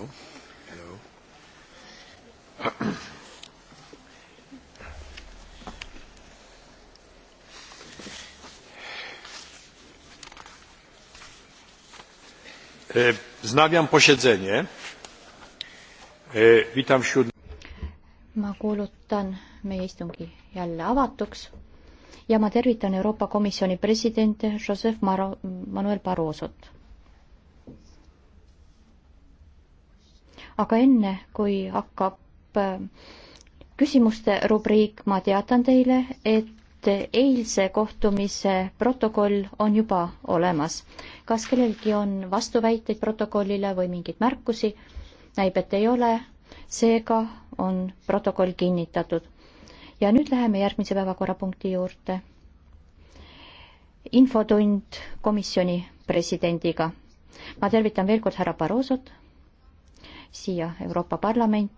Hello. Hello. E, wznawiam posiedzenie. E, witam wśród... Ma kuulutan meie istungi jälle avatuks ja ma tervitan Euroopa Komisjoni presidente Joseph Maro Manuel Barrosot aga enne, kui hakkab äh, küsimuste rubriik, ma teatan teile, et eilse kohtumise protokoll on juba olemas. kas kellelgi on vastuväiteid protokollile või mingeid märkusi? näib, et ei ole, seega on protokoll kinnitatud. ja nüüd läheme järgmise päevakorrapunkti juurde. infotund komisjoni presidendiga. ma tervitan veel kord härra Barrosot siia Euroopa Parlamenti.